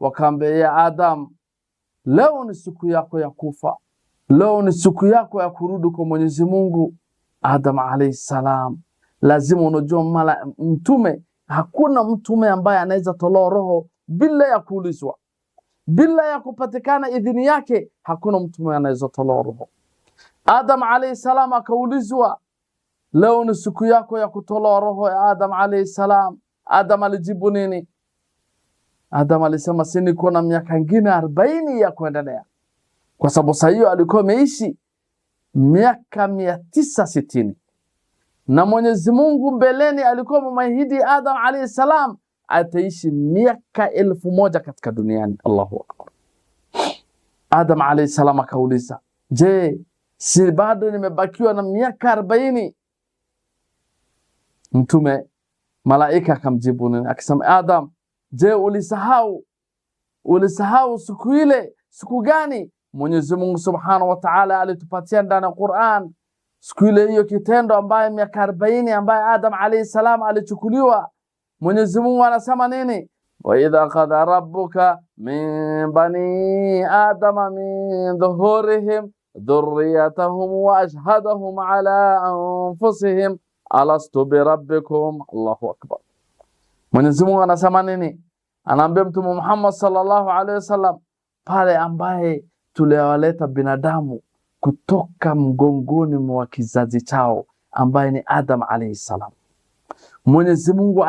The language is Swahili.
wakaambia Adam, leo ni siku yako ya kufa, leo ni siku yako ya kurudi kwa Mwenyezi Mungu. Adam alayhi salam, lazima unajua mala mtume, hakuna mtume ambaye anaweza tolewa roho bila ya kuulizwa, bila ya kupatikana idhini yake, hakuna mtume anaweza tolewa roho. Adam alayhi salam akaulizwa, leo ni siku yako ya kutolewa roho ya Adam alayhi salam. Adam alijibu nini? Adam alisema si niko na miaka ingine arobaini ya kuendelea, kwa sababu saa hiyo alikuwa ameishi miaka mia tisa sitini na Mwenyezi Mungu mbeleni alikuwa mumahidi Adam alayhi salam ataishi miaka elfu moja katika duniani. Allahu akbar. Adam alayhi salam akauliza, je, si bado nimebakiwa na miaka arobaini? Mtume malaika akamjibu nini akisema, Adam Je, ulisahau ulisahau siku ile? Siku gani? Mwenyezi Mungu Subhanahu wa Ta'ala alitupatia ndani ya Qur'an siku ile hiyo, kitendo ambaye miaka arobaini ambaye Adam alayhi salam alichukuliwa. Mwenyezi Mungu anasema nini? wa idha qadha rabbuka min bani adama min dhuhurihim dhurriyatahum wa ashhadahum ala anfusihim alastu birabbikum. Allahu akbar. Mwenyezi Mungu anasema nini? anaambia Mtume Muhammad sallallahu alaihi wasallam, pale ambaye tuliwaleta binadamu kutoka mgongoni mwa kizazi chao ambaye ni Adam alaihi salam, Mwenyezi Mungu